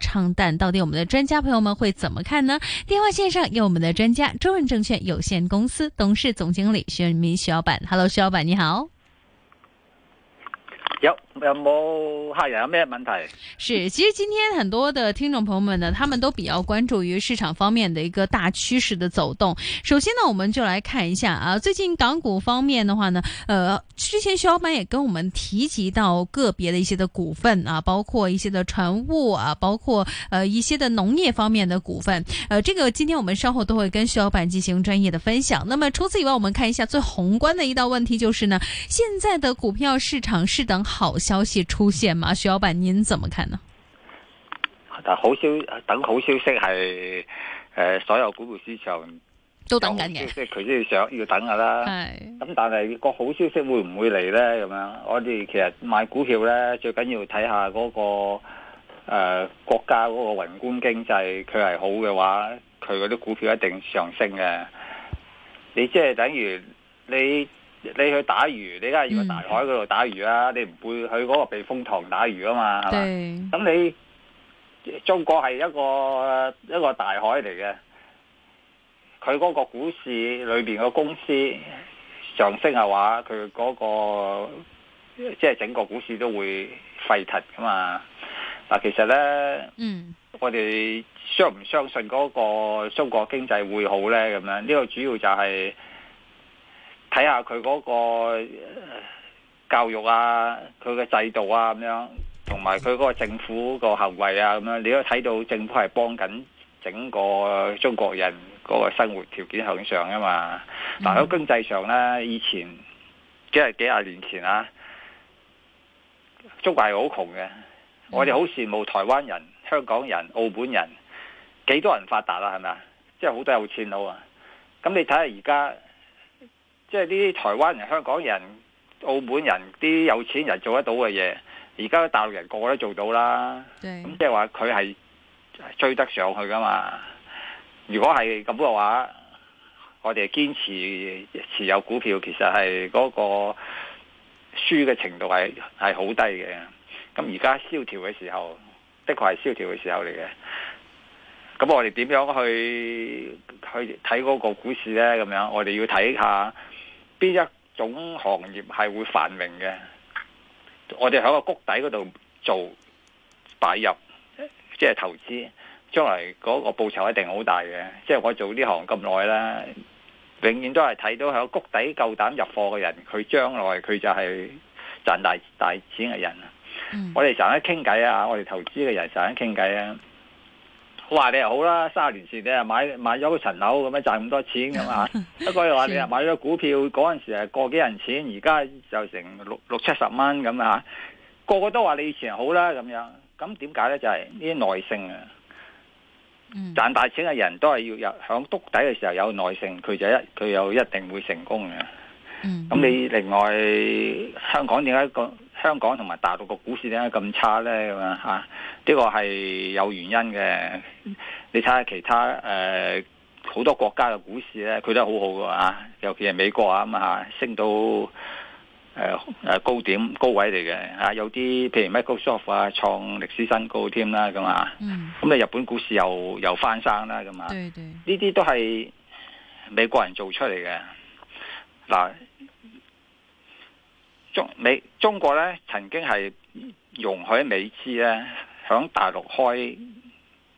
暢談到底，我們的專家朋友們會怎麼看呢？電話線上有我們的專家，中潤證券有限公司董事總經理徐潤民徐老闆，Hello，徐老闆你好。有冇客人有咩問題？是，其實今天很多的聽眾朋友們呢，他們都比較關注於市場方面的一個大趨勢的走動。首先呢，我們就來看一下啊，最近港股方面的話呢，呃，之前徐老闆也跟我們提及到個別的一些的股份啊，包括一些的船務啊，包括呃一些的農業方面的股份。呃，這個今天我們稍後都會跟徐老闆進行專業的分享。那麼除此以外，我們看一下最宏觀的一道問題就是呢，現在的股票市場是等好消息出現嘛？徐老闆，您怎麼看呢？但好消等好消息係誒、呃，所有股票市場都等緊嘅，即係佢都要想要等噶啦。咁、哎、但係、這個好消息會唔會嚟呢？咁樣我哋其實買股票呢，最緊要睇下嗰、那個誒、呃、國家嗰個宏觀經濟佢係好嘅話，佢嗰啲股票一定上升嘅。你即係等於你。你去打魚，你梗係要喺大海嗰度打魚啊，嗯、你唔會去嗰個避風塘打魚啊嘛，係嘛對？咁你中國係一個一個大海嚟嘅，佢嗰個股市裏邊嘅公司上升嘅話，佢嗰、那個即係、就是、整個股市都會沸騰噶嘛？嗱，其實呢，嗯，我哋相唔相信嗰個中國經濟會好呢？咁樣呢個主要就係、是。睇下佢嗰個教育啊，佢嘅制度啊咁樣，同埋佢嗰個政府個行為啊咁樣，你都睇到政府係幫緊整個中國人嗰個生活條件向上啊嘛。但喺經濟上咧，以前幾係幾廿年前啊，中國係好窮嘅，我哋好羨慕台灣人、香港人、澳門人，幾多人發達啦，係咪啊？即係好多有錢佬啊！咁你睇下而家。即係啲台灣人、香港人、澳門人、啲有錢人做得到嘅嘢，而家大陸人個個都做到啦。咁對即係話佢係追得上去㗎嘛？如果係咁嘅話，我哋堅持持有股票，其實係嗰個輸嘅程度係係好低嘅。咁而家蕭條嘅時候，的確係蕭條嘅時候嚟嘅。咁我哋點樣去去睇嗰個股市呢？咁樣我哋要睇下。邊一種行業係會繁榮嘅？我哋喺個谷底嗰度做，買入，即係投資，將來嗰個報酬一定好大嘅。即係我做呢行咁耐啦，永遠都係睇到喺個谷底夠膽入貨嘅人，佢將來佢就係賺大大錢嘅人。我哋成日喺度傾偈啊，我哋投資嘅人成日喺度傾偈啊。話你又好啦，卅年前你啊買買咗個層樓咁樣賺咁多錢咁啊！不過話你啊買咗股票嗰陣時係個幾銀錢，而家就成六六七十蚊咁啊！個個都話你以前好啦咁樣，咁點解呢？就係呢啲耐性啊！賺、嗯、大錢嘅人都係要有響篤底嘅時候有耐性，佢就一佢又一定會成功嘅。咁、嗯嗯、你另外香港點解講？香港同埋大陸個股市點解咁差呢？咁啊嚇，呢、這個係有原因嘅。你睇下其他誒好、呃、多國家嘅股市咧，佢都好好㗎、啊、尤其係美國啊咁嚇，升到、呃、高點高位嚟嘅嚇。有啲譬如 Microsoft 啊，創歷史新高添啦咁啊。咁啊，日本股市又又翻生啦咁啊。呢、啊、啲、嗯、都係美國人做出嚟嘅嗱。啊中美中國咧，曾經係容許美資咧喺大陸開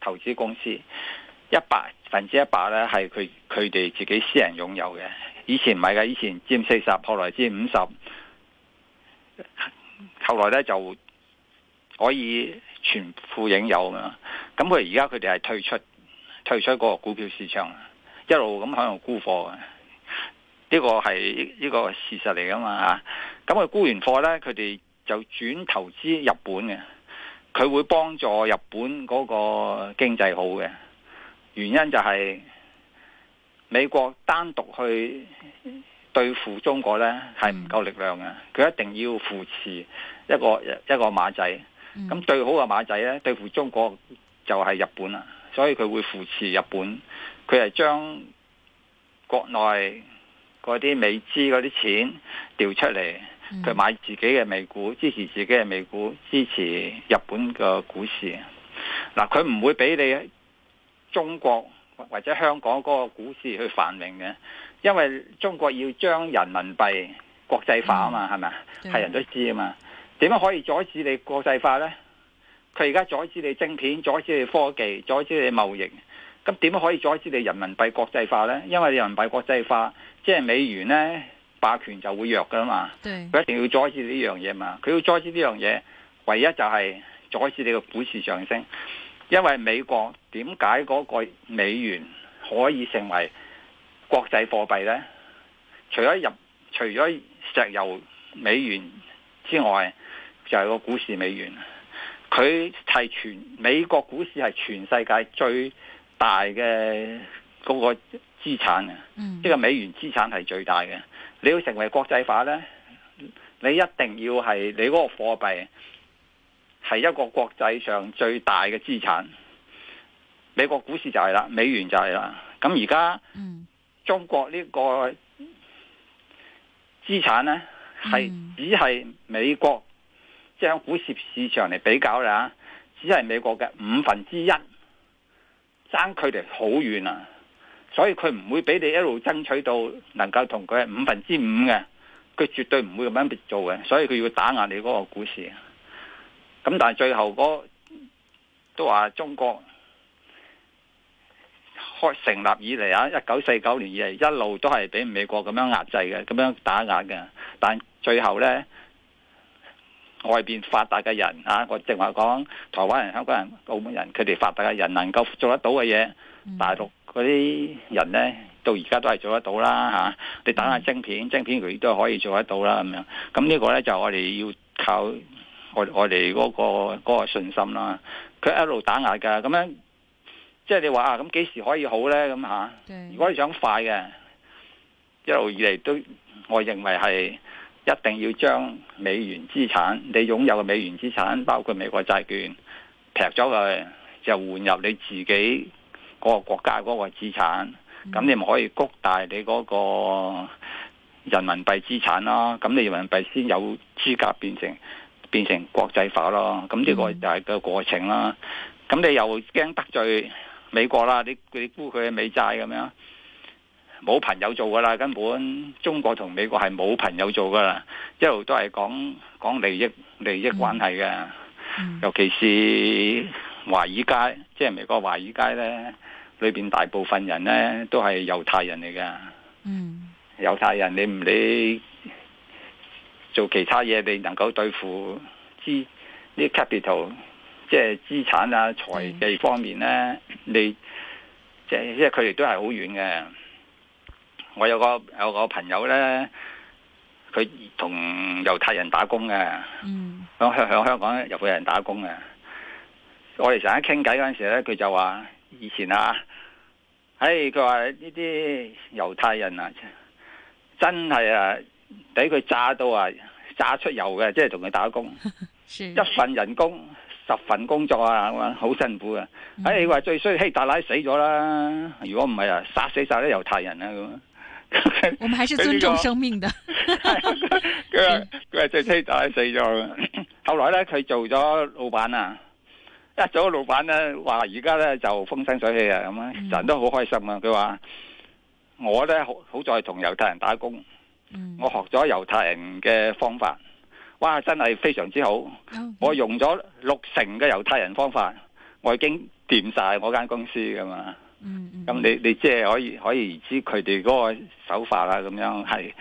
投資公司，一百分之一百咧係佢佢哋自己私人擁有嘅。以前咪㗎，以前佔四十，後來佔五十，後來咧就可以全副擁有嘅。咁佢而家佢哋係退出退出嗰個股票市場，一路咁喺度沽貨嘅。呢個係呢、呢個事實嚟噶嘛吓。咁、啊、佢沽完貨呢，佢哋就轉投資日本嘅，佢會幫助日本嗰個經濟好嘅。原因就係美國單獨去對付中國呢，係唔夠力量嘅，佢一定要扶持一個一個馬仔。咁最好嘅馬仔呢，對付中國就係日本啦，所以佢會扶持日本。佢係將國內。嗰啲美資嗰啲錢調出嚟，佢買自己嘅美股，支持自己嘅美股，支持日本嘅股市。嗱，佢唔會俾你中國或者香港嗰個股市去繁榮嘅，因為中國要將人民幣國際化啊嘛，係咪啊？係吧人都知啊嘛，點樣可以阻止你國際化呢？佢而家阻止你晶片，阻止你科技，阻止你貿易。咁點樣可以阻止你人民幣國際化呢？因為人民幣國際化，即係美元呢霸權就會弱噶嘛。佢對一定要阻止呢樣嘢嘛。佢要阻止呢樣嘢，唯一就係阻止你個股市上升。因為美國點解嗰個美元可以成為國際貨幣呢？除咗入除咗石油美元之外，就係個股市美元。佢係全美國股市係全世界最大嘅嗰個資產啊，嗯、即係美元資產係最大嘅。你要成為國際化咧，你一定要係你嗰個貨幣係一個國際上最大嘅資產。美國股市就係啦，美元就係啦。咁而家中國個呢個資產咧，係只係美國即係、嗯、喺股市市場嚟比較啦，只係美國嘅五分之一。爭距離好遠啊，所以佢唔會俾你一路爭取到能夠同佢係五分之五嘅，佢絕對唔會咁樣做嘅，所以佢要打壓你嗰個股市。咁但係最後嗰、那個、都話中國開成立以嚟啊，一九四九年以嚟一路都係俾美國咁樣壓制嘅，咁樣打壓嘅，但最後呢？外邊發達嘅人啊，我正話講，台灣人、香港人、澳門人，佢哋發達嘅人能夠做得到嘅嘢，嗯、大陸嗰啲人咧，到而家都係做得到啦嚇、啊。你打下晶片，嗯、晶片佢都可以做得到啦，咁樣。咁呢個咧就我哋要靠我我哋嗰個、嗰個信心啦。佢一路打壓㗎，咁樣即係、就是、你話啊，咁幾時可以好咧？咁嚇、啊，如果你想快嘅一路以嚟都，我認為係。一定要將美元資產，你擁有嘅美元資產，包括美國債券，劈咗佢，就換入你自己嗰個國家嗰個資產。咁你咪可以谷大你嗰個人民幣資產啦。咁你人民幣先有資格變成變成國際化咯。咁呢個就係個過程啦。咁你又驚得罪美國啦？你佢沽佢嘅美債咁樣。冇朋友做噶啦，根本中國同美國係冇朋友做噶啦，一路都係講講利益、利益關係嘅。嗯、尤其是華爾街，即係美國華爾街呢，裏邊大部分人呢都係猶太人嚟嘅。嗯、猶太人你唔理做其他嘢，你能夠對付資呢啲 capital，即係資產啊、財技方面呢，嗯、你即係佢哋都係好遠嘅。我有個有個朋友呢，佢同猶太人打工嘅，響、嗯、香港猶太人打工嘅。我哋成日傾偈嗰陣時咧，佢就話以前啊，唉、哎，佢話呢啲猶太人啊，真係啊，俾佢榨到啊，榨出油嘅，即係同佢打工， 是一份人工十份工作啊，好辛苦嘅，啊。唉、嗯，話、哎、最衰希特拉死咗啦，如果唔係啊，殺、啊、死晒啲猶太人啦，啊、咁。我們還是尊重生命的。佢佢最衰就係死咗。後來呢，佢做咗老闆啊，一做老闆呢，話而家呢就風生水起啊，咁樣，人都好開心啊。佢話我呢好好在同猶太人打工，我學咗猶太人嘅方法，哇，真係非常之好。我用咗六成嘅猶太人方法，我已經掂晒我間公司噶嘛。咁、嗯嗯、你你即係可以可以知佢哋嗰個手法啦，咁樣係，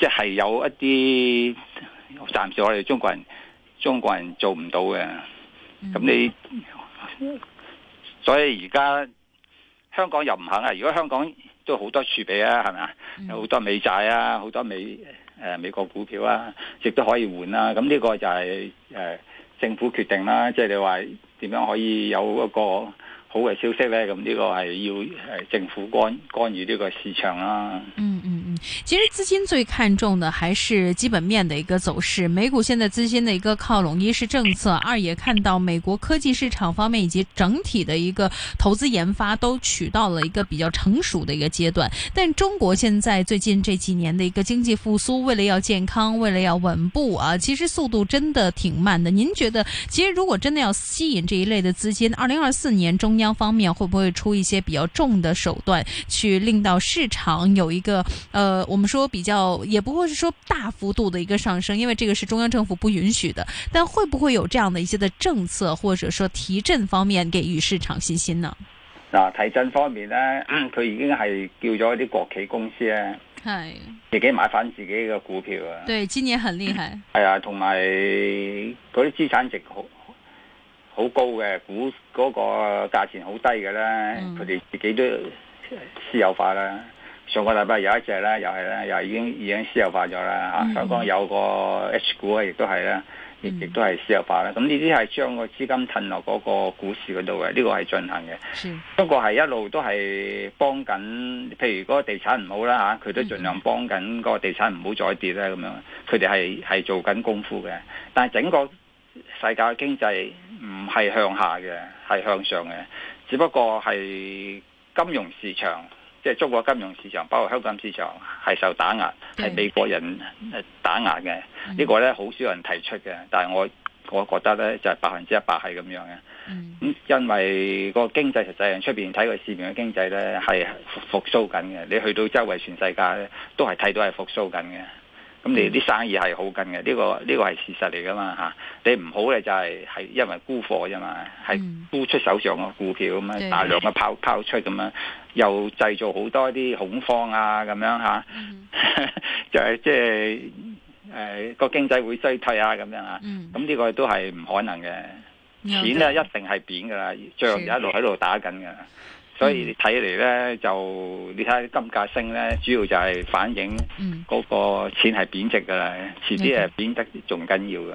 即係有一啲暫時我哋中國人中國人做唔到嘅，咁你、嗯嗯、所以而家香港又唔肯啊！如果香港都好多儲備啊，係咪啊？有好多美債啊，好多美誒美國股票啊，亦都可以換啦。咁呢個就係誒政府決定啦，即係你話點樣可以有一個。好嘅消息呢，咁呢個係要誒政府干干預呢個市場啦。嗯嗯嗯，其實資金最看重的還是基本面的一個走勢。美股現在資金的一個靠攏，一是政策，二也看到美國科技市場方面以及整體的一個投資研發都取到了一個比較成熟的一個階段。但中國現在最近這幾年的一個經濟復甦，為了要健康，為了要穩步啊，其實速度真的挺慢的。您覺得，其實如果真的要吸引這一類的資金，二零二四年中央方面會不會出一些比較重的手段，去令到市場有一個呃，我們說比較也不會是說大幅度的一個上升，因為這個是中央政府不允許的。但會不會有這樣的一些的政策或者說提振方面給予市場信心呢？嗱，提振方面呢，佢已經係叫咗啲國企公司啊，係自己買翻自己嘅股票啊。對，今年很厲害。係啊，同埋嗰啲資產值好。好高嘅股嗰個價錢好低嘅咧，佢哋、嗯、自己都私有化啦。上個禮拜有一隻啦，又係咧，又已經已經私有化咗啦。嗯、啊，香港有個 H 股啊，亦都係啦，亦亦都係私有化啦。咁呢啲係將個資金褪落嗰個股市嗰度嘅，呢、呢個係進行嘅。不過係一路都係幫緊，譬如嗰個地產唔好啦吓，佢、啊、都盡量幫緊個地產唔好再跌咧，咁樣。佢哋係係做緊功夫嘅，但係整個世界嘅經濟。係向下嘅，係向上嘅，只不過係金融市場，即係中國金融市場，包括香港市場，係受打壓，係美國人打壓嘅。呢、嗯、個呢，好少人提出嘅，但係我，我覺得呢，就係百分之一百係咁樣嘅。因為個經濟實際，上出邊睇個市面嘅經濟呢，係復蘇緊嘅。你去到周圍全世界咧，都係睇到係復蘇緊嘅。咁你啲生意係好緊嘅，呢、這個呢、這個係事實嚟噶嘛嚇、啊。你唔好咧就係係因為沽貨啫嘛，係、嗯、沽出手上嘅股票咁樣、嗯、大量嘅拋拋出咁樣，又製造好多啲恐慌啊咁樣嚇，嗯、 就係即係誒個經濟會衰退啊咁樣啊。咁呢、嗯、個都係唔可能嘅，錢咧一定係貶噶啦，仗就一路喺度打緊噶。所以睇嚟咧，就你睇金價升咧，主要就係反映嗰個錢係貶值嘅啦，遲啲係貶值仲緊要嘅。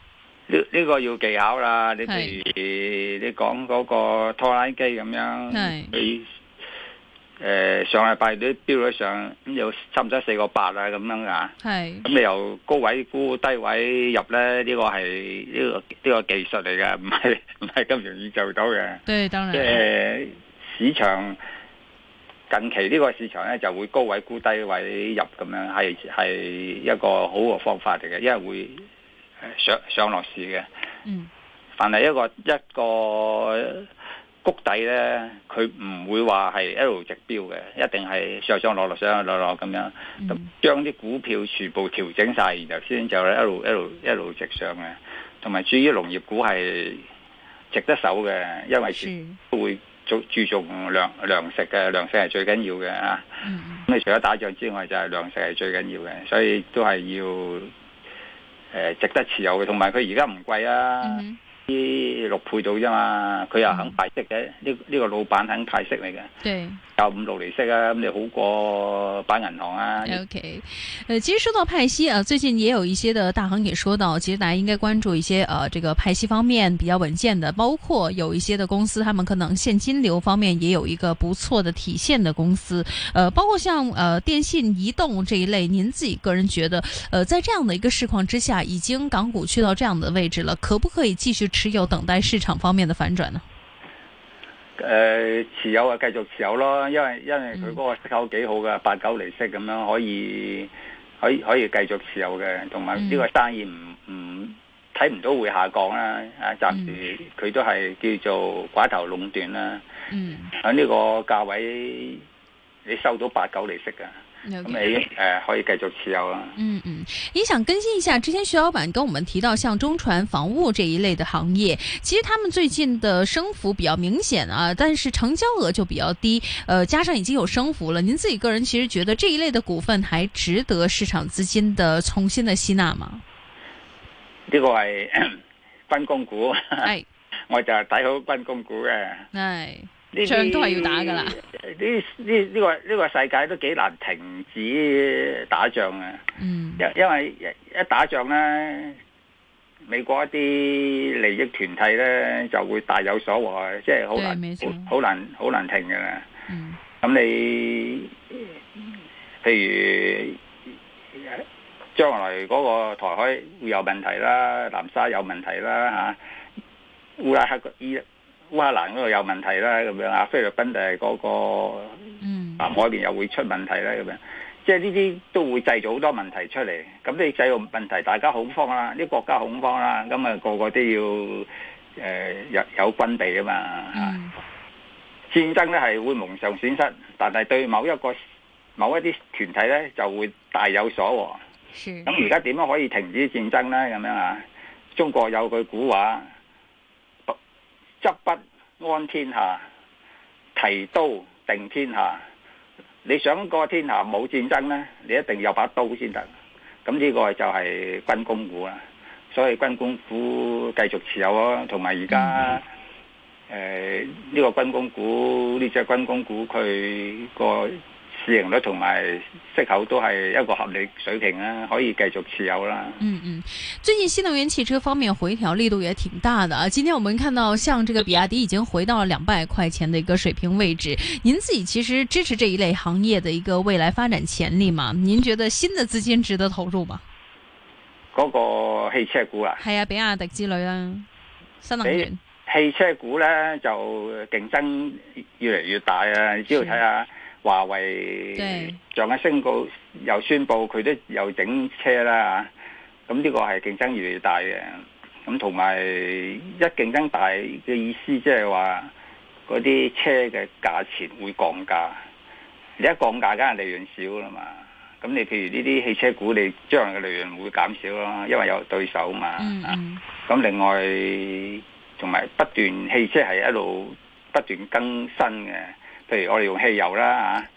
呢個要技巧啦，你譬如是你講嗰個拖拉機咁樣，是你誒、呃、上禮拜都標咗上，咁有差唔多四個八啊咁樣啊，咁是你由高位沽低位入咧，呢、這個係呢、這個呢、這個技術嚟嘅，唔係唔係咁容易做到嘅。對，當然、即係、呃、市場近期呢個市場咧就會高位沽低位入咁樣，係係一個好嘅方法嚟嘅，因為會。上上落市嘅，嗯、凡係一個一個谷底咧，佢唔會話係一路直飆嘅，一定係上上落落上上落落咁樣。咁、嗯、將啲股票全部調整晒，然後先就一路一路一路直，直，直上嘅。同埋至於農業股係值得守嘅，因為都會注注重糧糧食嘅糧食係最緊要嘅啊。咁你、嗯、除咗打仗之外，就係、是、糧食係最緊要嘅，所以都係要。誒值得持有嘅，同埋佢而家唔貴啊！啲、mm hmm. 六倍到啫嘛，佢又肯派息嘅，呢呢、嗯、個老闆肯派息嚟嘅。對，有五六厘息啊，咁你好過擺銀行啊。OK，誒，其實說到派息啊，最近也有一些的大行也說到，其實大家應該關注一些誒、呃，這個派息方面比較穩健的，包括有一些的公司，他們可能現金流方面也有一個不錯的體現的公司，誒、呃，包括像誒、呃、電信、移動這一類，您自己個人覺得，誒、呃，在這樣的一個市況之下，已經港股去到這樣的位置了，可不可以繼續持有等待？市場方面的反轉呢？呃、持有啊，繼續持有咯，因為因為佢嗰個息口幾好噶，嗯、八九厘息咁樣可以可以可以繼續持有嘅，同埋呢個生意唔唔睇唔到會下降啦，啊暫時佢都係叫做寡頭壟斷啦，喺呢、嗯啊呢個價位你收到八九厘息噶。咁你誒、呃、可以繼續持有啦、嗯。嗯嗯，你想更新一下，之前徐老闆跟我們提到，像中船防務這一類的行業，其實他們最近的升幅比較明顯啊，但是成交額就比較低。呃，加上已經有升幅了，您自己個人其實覺得這一類的股份還值得市場資金的重新的吸納嗎？呢個係軍工股，哎， 我就係睇好軍工股嘅。哎。呢仗都係要打噶啦，呢呢呢個呢個世界都幾難停止打仗啊！嗯，因因為一打仗呢，美國一啲利益團體呢就會大有所獲，即係好難好難好難停嘅啦。嗯，咁你譬如將來嗰個台海會有問題啦，南沙有問題啦吓，烏拉克爾。烏克蘭嗰度有問題啦，咁樣啊，菲律賓就係嗰個南海邊又會出問題啦，咁樣、嗯，即係呢啲都會製造好多問題出嚟。咁你製造問題，大家恐慌啦，呢國家恐慌啦，咁啊個個都要誒、呃、有有軍備啊嘛。嗯、戰爭咧係會蒙受損失，但係對某一個某一啲團體咧就會大有所獲。咁而家點樣可以停止戰爭咧？咁樣啊，中國有句古話。執筆安天下，提刀定天下。你想個天下冇戰爭呢？你一定有把刀先得。咁呢個就係軍工股啦。所以軍工股繼續持有咯。同埋而家，誒、呃，呢、這個軍工股呢隻軍工股佢個。市盈率同埋息口都係一個合理水平啦，可以繼續持有啦。嗯嗯，最近新能源汽車方面回調力度也挺大的啊。今天我們看到，像這個比亞迪已經回到了兩百塊錢的一個水平位置。您自己其實支持這一類行業的一個未來發展潛力嘛？您覺得新的資金值得投入嗎？嗰個汽車股啊，係啊，比亞迪之類啊，新能源。汽汽車股呢，就競爭越嚟越大啊，你只要睇下。華為最近宣告，又宣布佢都又整車啦吓，咁呢個係競爭越嚟越大嘅，咁同埋一競爭大嘅意思即係話嗰啲車嘅價錢會降價，你一降價，梗係利潤少啦嘛。咁你譬如呢啲汽車股，你將來嘅利潤會減少咯，因為有對手嘛。咁、嗯嗯啊、另外同埋不斷汽車係一路不斷更新嘅。譬如我哋用汽油啦，啊，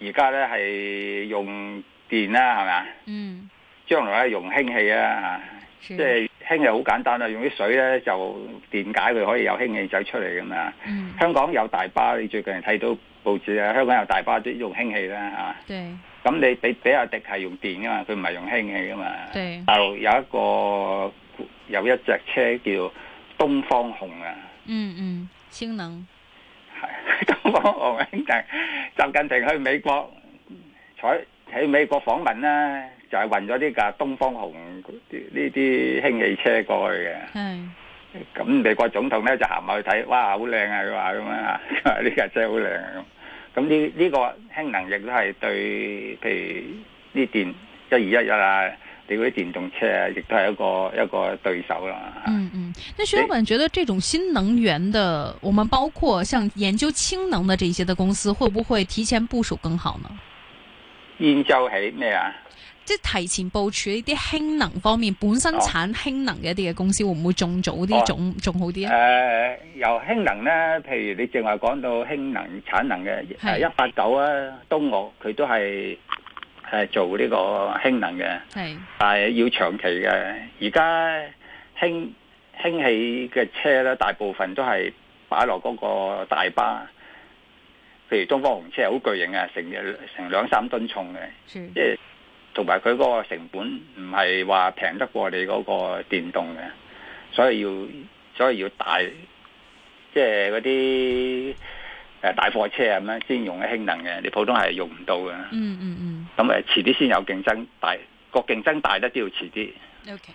而家咧係用電啦，係咪啊？嗯。將來咧用氫氣啊，即係氫又好簡單啦，用啲水咧就電解佢可以有氫氣仔出嚟噶嘛。嗯。香港有大巴，你最近睇到報紙啊，香港有大巴都用氫氣啦，吓。對。咁你你比亞迪係用電噶嘛？佢唔係用氫氣噶嘛？對。大陸有一個有一隻車叫東方紅啊。嗯嗯，氫能。東方紅就習近平去美國，在喺美國訪問啦，就係運咗呢架東方紅呢啲氫氣車過去嘅。係咁，美國總統咧就行埋去睇，哇，好靚啊！佢話咁樣啊，呢架車好靚啊。咁呢呢個氫能亦都係對，譬如呢電一二一一啊，你嗰啲電動車啊，亦都係一個一個對手啦。嗯。那徐老闆覺得這種新能源的，我們包括像研究氫能的這些的公司，會不會提前部署更好呢？研究起咩啊？即提前部署呢啲氫能方面本身產氫能嘅一啲嘅公司，哦、會唔會仲早啲，仲仲、哦、好啲啊？誒、呃，由氫能呢，譬如你正話講到氫能產能嘅，係一八九啊，東岳佢都係係、呃、做呢個氫能嘅，是但係要長期嘅，而家氫。氫氣嘅車咧，大部分都係擺落嗰個大巴，譬如東方紅車，好巨型呀，成成兩三噸重嘅，是即係同埋佢嗰個成本唔係話平得過你嗰個電動嘅，所以要所以要大，即係嗰啲誒大貨車咁樣先用氫能嘅，你普通係用唔到嘅、嗯。嗯嗯嗯。咁誒，遲啲先有競爭，大個競爭大得都要遲啲。Okay.